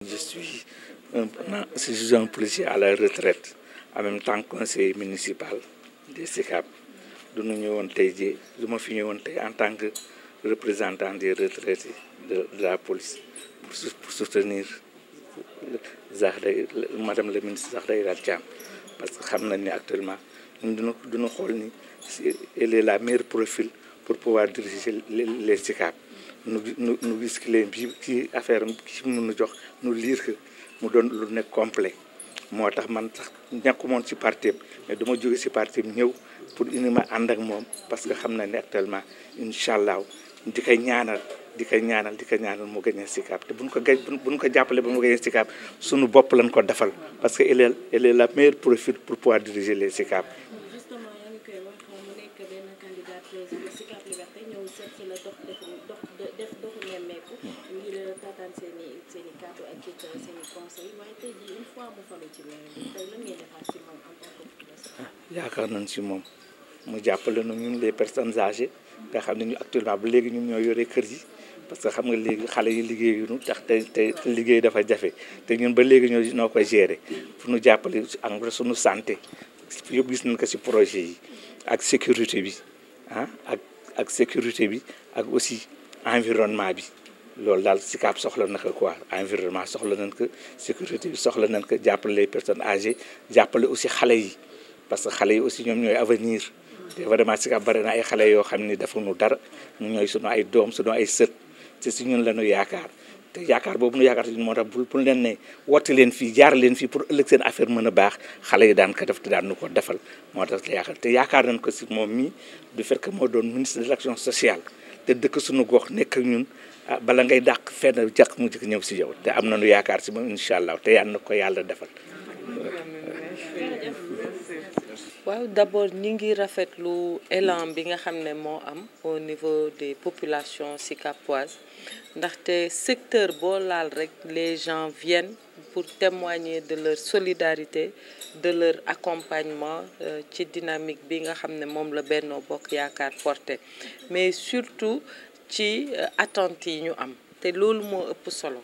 Je suis un, je suis un policier à la retraite, en même temps conseiller municipal de SICAP. Nous tey en tant que représentant des retraités de, de la police pour, pour soutenir Zahre, Madame le ministre Zahra Iratiam. Parce que xam nous ni actuellement, du nous devons elle est la meilleure profil pour pouvoir diriger les SICAP. nu nu nu gis clé bi ci affaire am ci mun nu jox nu liir ko mu doon lu nekk complet moo tax man sax ñàkkumoon ci parti mais dama jóge si parti ñëw pour ma ànd ak moom parce que xam na ne actuellement incha allah di koy ñaanal di koy ñaanal di koy ñaanal mu gañee Sicap te buñ ko gaj buñ ko jàppale ba mu gañee Sicap suñu bopp lañ ko defal parce que il est il est la meilleure profil pour pouvoir diriger les Sicap joxe seen conseil yaakaar nañ si moom mu jàppale nu ñun les personnes âgées nga xam ne ñu actuellement ba léegi ñun ñoo yore kër yi parce que xam nga léegi xale yi liggéeyuñu tax te te liggéey dafa jafe te ñun ba léegi ñoo ñoo koy gérer fu ñu jàppale en sunu santé yëpp gis nañ ko si projet yi ak sécurité bi ah ak ak sécurité bi ak aussi environnement bi. loolu daal SICAP soxla na ko quoi environnement soxla nañ ko sécurité bi soxla nañ ko jàppale les personnes âgées jàppale aussi xale yi parce que xale yi aussi ñoom ñooy avenir te vraiment SICAP bari na ay xale yoo xam ni defuñu dara ñu ñooy sunu ay doom sunu ay sët te si ñun la ñu yaakaar te yaakaar boobu nu yaakaar moo tax bul bul leen ne leen fii jaar leen fii pour ëllëg seen affaire mën a xale yi daan def te daan nu ko defal moo tax te yaakaar te nañ ko si moom mii du fait moo doon ministre de l'action sociale te dëkk suñu gox nekk ñun ah bala ngay dàq fenn jàq mu jëkk ñëw si yow te am na nañu yaakaar si moom incha allah te yàlla na ko yàlla defal. waaw d'abord ñi ngi rafetlu élan bi nga xam ne moo am au niveau des populations sikapoises ndaxte secteur boo laal rek les gens viennent pour témoigner de leur solidarité de leur accompagnement euh, ci dynamique bi nga xam ne moom la Benno Bokk Yaakaar porté mais surtout ci euh, attentes yi ñu am te loolu moo ëpp solo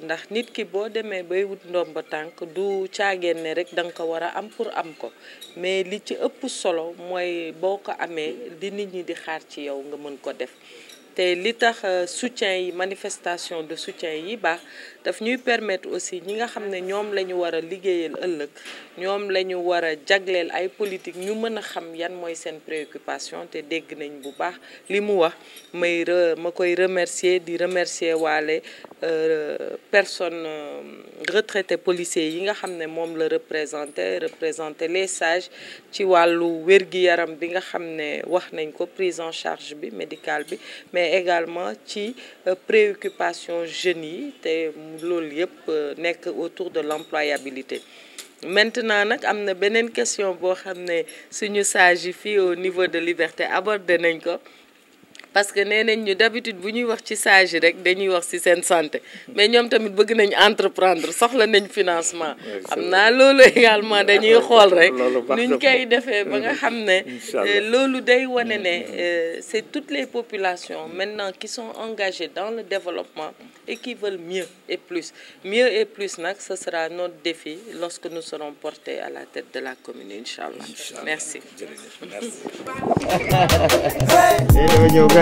ndax nit ki boo demee bay wut ba tànk du caageen ne rek da nga ko war a am pour am ko mais li ci ëpp solo mooy boo ko amee di nit ñi di xaar ci yow nga mën ko def te li tax euh, soutien yi manifestation de soutien yi baax daf ñuy permettre aussi ñi nga xam ne ñoom la ñu war a liggéeyal ëllëg ñoom la ñu war a jagleel ay politique ñu mën a xam yan mooy seen préoccupation te dégg nañ bu baax li mu wax may re ma koy remercier di remercier waale euh, personne euh, retraité policier yi nga xam ne moom la représenté représenté les sages ci wàllu wér-gi-yaram bi nga xam ne wax nañ ko prise en charge bi médicale bi également ci euh, préoccupation jeunes yi te loolu yëpp euh, nekk autour de l'employabilité maintenant nag am na beneen question boo xam ne suñu sage yi fi au niveau de Liberté abordé nañ ko parce que nee nañ ñu d'habitude bu ñuy wax ci sage rek dañuy wax ci seen santé mais ñoom tamit bëgg nañ entreprendre soxla nañu financement xam naa loolu également dañuy xool rek nuñ koy defee ba nga xam ne euh, loolu day wane ne mm-hmm. euh, c'est toutes les populations maintenant qui sont engagées dans le développement et qui veulent mieux et plus mieux et plus nag ce sera notre défi lorsque nous serons portés à la tête de la commune inchallah merci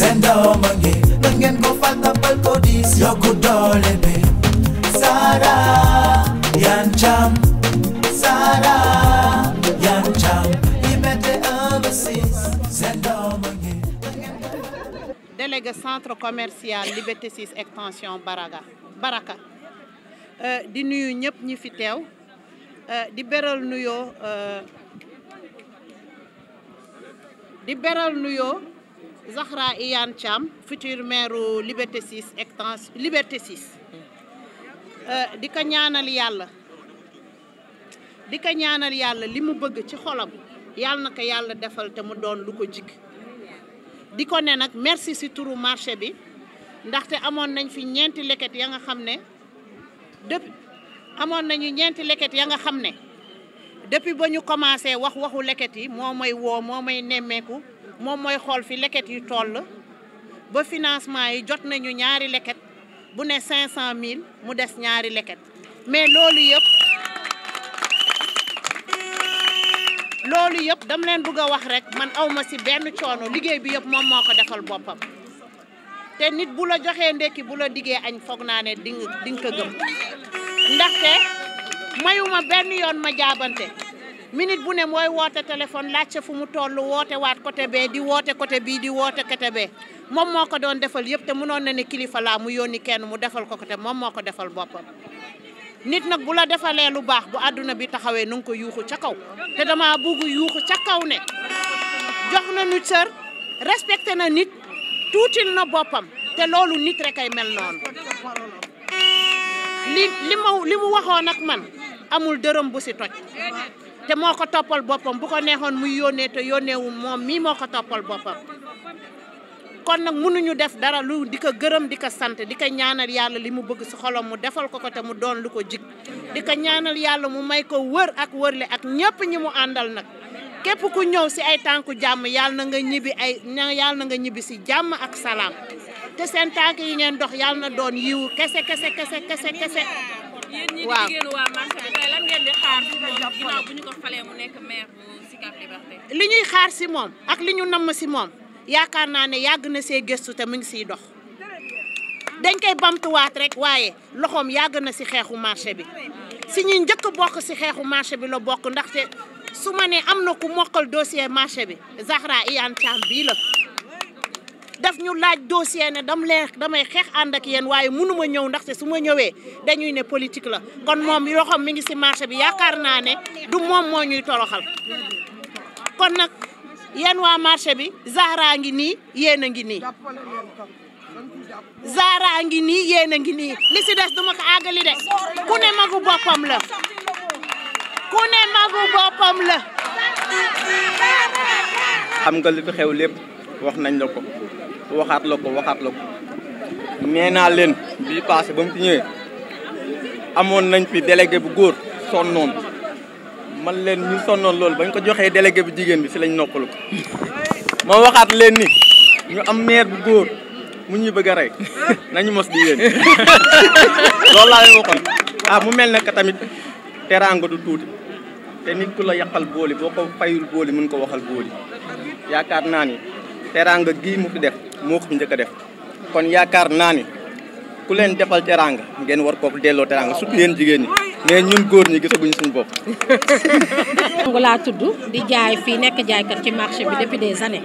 seen doom a ngi na ko fal tabal ko diis yokku doole bi Sara Yann Thiam Sara Yann centre commercial Liberté 6 extension Baraka euh, di nuyu ñëpp ñi fi teew euh, di beral nuyoo euh, di beral nuyoo Zahra Iyane Thiam futur maire Liberté 6 hectares Liberté 6 euh, di ko ñaanal yàlla di ko ñaanal yàlla li mu bëgg ci xolam yàlla na ko yàlla defal te mu doon lu ko jig di ko ne nag merci si turu marché bi ndaxte amoon nañ fi ñeenti leket ya nga xam ne depuis nañu ñeenti leket ya nga xam ne depuis ba ñu commencé wax waxu leket yi moo may woo moo may nemmeeku moom mooy xool fi leket yu toll ba financement yi jot nañu ñaari leket bu ne cinq cent mille mu des ñaari leket mais loolu yëpp loolu yëpp dama leen bëgg a wax rek man awma si benn coono liggéey bi yëpp moom moo ko defal boppam te nit bu la joxee ndekki bu la diggee añ foog naa ne di nga di nga ko gëm ndaxte mayuma benn yoon ma jaabante minute bu ne mooy woote téléphone laajte fu mu toll woote waat côté bee di woote côté bii di woote côté bee moom moo ko doon defal yëpp te mënoon na ne kilifa laa mu yónni kenn mu defal ko ko moom moo ko defal boppam. nit nag bu la defalee lu baax bu àdduna bi taxawee nu nga ko yuuxu ca kaw te dama bugg yuuxu ca kaw ne jox na nu cër respecté na nit tuutil na boppam te loolu nit rek ay mel noonu li li mu waxoon ak man amul dërëm bu si toj te moo ko toppal boppam bu ko neexoon muy yónnee te yónneewu moom mii moo ko toppal boppam kon nag mënuñu def dara lu di ko gërëm di ko sant di ko ñaanal yàlla li mu bëgg si xolam mu defal ko ko te mu doon lu ko jig di ko ñaanal yàlla mu may ko wër ak wërle ak ñëpp ñi mu àndal nag képp ku ñëw si ay tànku jàmm yàlla na nga ñibbi ay yàlla na nga ñibbi si jàmm ak salaam te seen tànk yi ngeen dox yàlla na doon yiwu kese kese kese kese kese waaw bu ñu ko falee mu nekk maire li ñuy xaar si moom ak li ñu namm si moom yaakaar naa ne yàgg na see gëstu te mu ngi siy dox dañ koy bamtuwaat rek waaye loxoom yàgg na si xeexu marché bi si ñuy njëkk bokk si xeexu marché bi la bokk ndaxte su ma ne am na ku mokkal dossier marché bi Zahra Iyane Thiam bii la. daf ñu laaj dossier ne dam leen damay xeex ànd ak yéen waaye mënuma ñëw ndaxte su ma ñëwee dañuy ne politique la kon moom yoo xam mi ngi si marché bi yaakaar naa ne du moom moo ñuy toroxal kon nag yéen waa marché bi Zahra ngi nii yéen a ngi nii Zahra ngi nii yéen a ngi nii li ci des duma ko àggali de ku ne magu boppam la ku ne magu boppam la xam nga li xew lépp wax nañ la ko waxaat la ko waxaat la ko nee naa leen bii passé ba mu fi ñëwee amoon nañ fi délégué bu góor sonnoon man leen ñu sonnoon loolu bañ ko joxee délégué bu jigéen bi si lañ noppalu ko ma waxaat leen ni ñu am maire bu góor mu ñuy bëgg a rey nañu mos di yéen loolu laa leen waxoon ah mu mel ne que tamit teraanga du tuuti te nit ku la yàqal booli boo ko fayul booli mun ko waxal booli yaakaar naa ni teraanga gii mu fi def moo ko fi njëkk def kon yaakaar naa ni ku leen defal teraanga ngeen war koo delloo teraanga surtout yéen jigéen ñi ñun góor ñi gisaguñu suñu bopp. nangu laa tudd di jaay fii nekk jaaykat ci marché bi depuis des années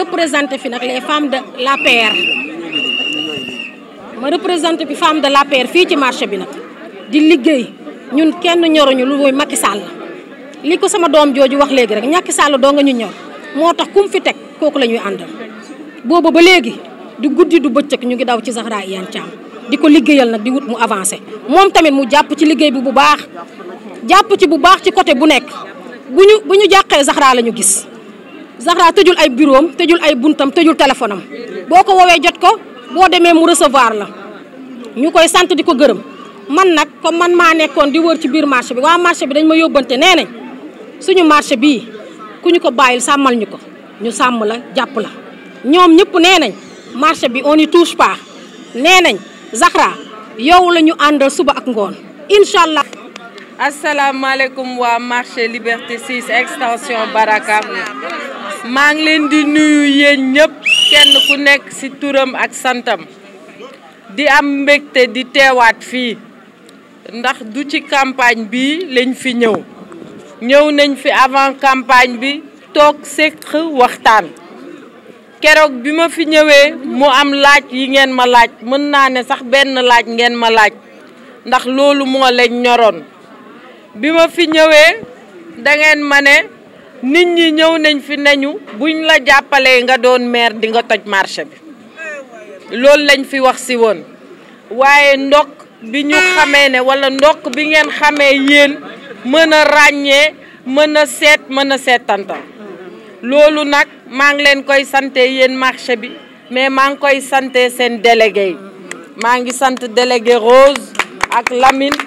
représenté fi nag les femmes de l'APR ma représenté fi femme de l'APR fii ci marché bi nag di liggéey ñun kenn ñoruñu lu mooy Macky Sall li ko sama doom jooju wax léegi rek ñàkki Sall doo nga ñu ñor moo tax kum fi teg kooku la ñuy àndal boobu ba léegi du guddi du bëccëg ñu ngi daw ci Zahra Iyane Thiam di ko liggéeyal nag di wut mu avancé moom tamit mu jàpp ci liggéey bi bu baax jàpp ci bu baax ci côté bu nekk bu ñu bu ñu jàqee Zahra la ñu gis Zahra tëjul ay bureau tëjul ay buntam tëjul téléphone am boo ko woowee jot ko boo demee mu recevoir la ñu koy sant di ko gërëm man nag comme man maa nekkoon di wër ci biir marché bi waa marché bi dañ ma yóbbante nee nañ suñu marché bii ku ko bàyyil sàmmal ñu ko ñu sàmm la jàpp la ñoom ñëpp nee nañ marché bi on y touche pas nee nañ yow lañu ñu àndal suba ak ngoon incha allah. asalaamaaleykum waa marché Liberté 6 extension Baraka maa ngi leen di nuyu yéen ñëpp kenn ku nekk ci turam ak santam di am mbégte di teewaat fii ndax du ci campagne bi lañ fi ñëw ñëw nañ fi avant campagne bi toog séq waxtaan keroog bi ma fi ñëwee mu am laaj yi ngeen ma laaj mën naa ne sax benn laaj ngeen ma laaj ndax loolu moo leen ñoroon bi ma fi ñëwee dangeen ngeen ma ne nit ñi ñëw nañ fi nañu buñ la jàppalee nga doon maire di nga toj marché bi loolu lañ fi wax si woon waaye ndokk bi ñu xamee ne walla ndokk bi ngeen xamee yéen mën a ràññee mën a seet mën a seetantal loolu nag maa ngi leen koy sante yéen marché bi mais maa ngi koy sante seen délégué yi maa ngi sant délégué Rose ak Lamine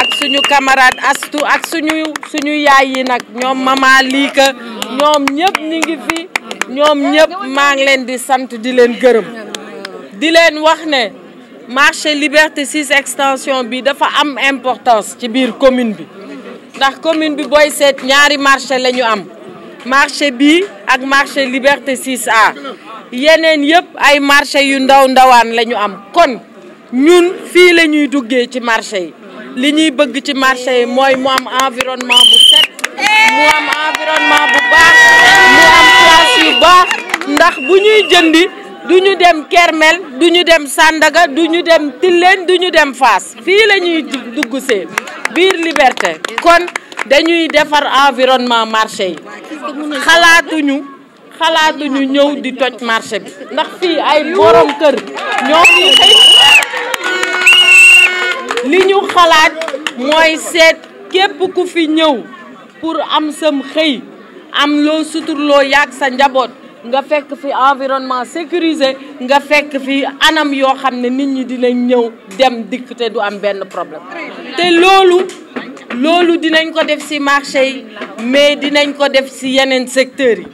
ak suñu camarade Astou ak suñu suñu yaay yi nag ñoom mama liika ñoom ñëpp ñi ngi fi ñoom ñëpp maa ngi leen di sant di leen gërëm di leen wax ne marché Liberté 6 extension bi dafa am importance ci biir commune bi ndax commune bi booy seet ñaari marché lañu am marché bi ak marché Liberté 6A yeneen yëpp ay marché yu ndaw ndawaan la ñu am kon ñun fii la ñuy duggee ci marché yi li ñuy bëgg ci marché yi mooy mu am environnement bu set mu am environnement bu baax mu am place yu baax ndax bu ñuy jëndi du ñu dem Kermel duñu dem Sandaga du ñu dem Tilleen du dem Fass fii la ñuy dugg see biir Liberté kon dañuy defar environnement marché yi xalaatuñu xalaatuñu ñëw di toj marché bi ndax fii ay borom kër ñoo fi li ñu xalaat mooy seet képp ku fi ñëw pour am sam xëy am loo suturloo yàgg sa njaboot nga fekk fi environnement sécurisé nga fekk fi anam yoo xam ne nit ñi dinañ ñëw dem dikk te du am benn problème te loolu loolu dinañ ko def ci marché yi mais dinañ ko def ci yeneen secteurs yi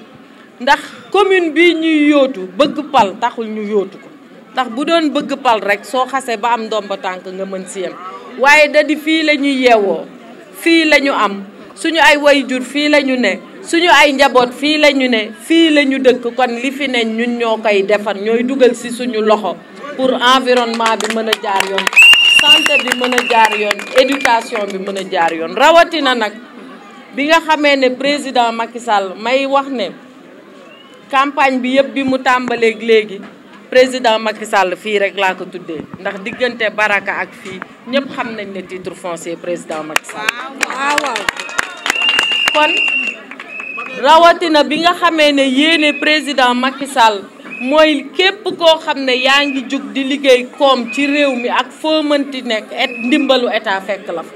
ndax commune bi ñuy yootu bëgg pal taxul ñu yootu ko ndax bu doon bëgg pal rek soo xasee ba am ndomba tànk nga mën ci yem waaye da fii la ñuy yeewoo fii lañu am suñu ay wayjur fii la ñu ne suñu ay njaboot fii la ñu ne fii la ñu dëkk kon li fi ne ñun ñoo koy defar ñooy dugal ci suñu loxo pour environnement bi mën a jaar yoon santé bi mën a jaar yoon éducation bi mën a jaar yoon rawatina nag bi nga xamee ne président Macky Sall may wax ne campagne bi yëpp bi mu tàmbaleek léegi président Macky Sall fii rek laa ko tuddee ndax diggante Baraka ak fii ñëpp xam nañ ne titre foncier président Macky kon rawatina bi nga xamee ne yéene président Macky Sall. mooy képp koo xam ne yaa ngi jug di liggéey koom ci réew mi ak foo nekk et ndimbalu état fekk la fa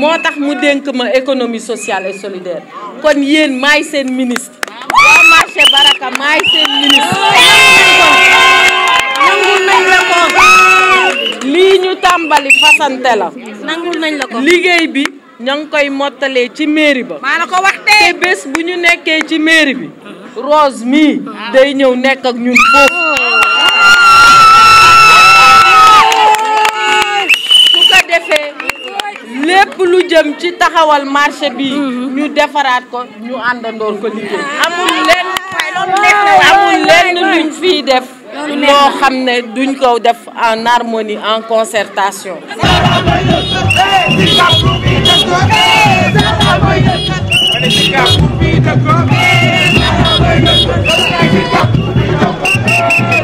moo tax mu dénk ma économie sociale et solidaire kon yéen maay seen ministre waa marché Baraka maay seen ministre lii ñu tàmbali fasante la liggéey bi ña koy mottalee ci mairie ba maa ko wax te bés bu ñu nekkee ci mairie bi Rose mi day ñëw nekk ak ñun foofu lépp lu jëm ci taxawal marché bi ñu defaraat ko ñu àndandoon ko liggéey amul lenn luñ fi def loo xam ne duñ ko def en harmonie en concertation Thank you.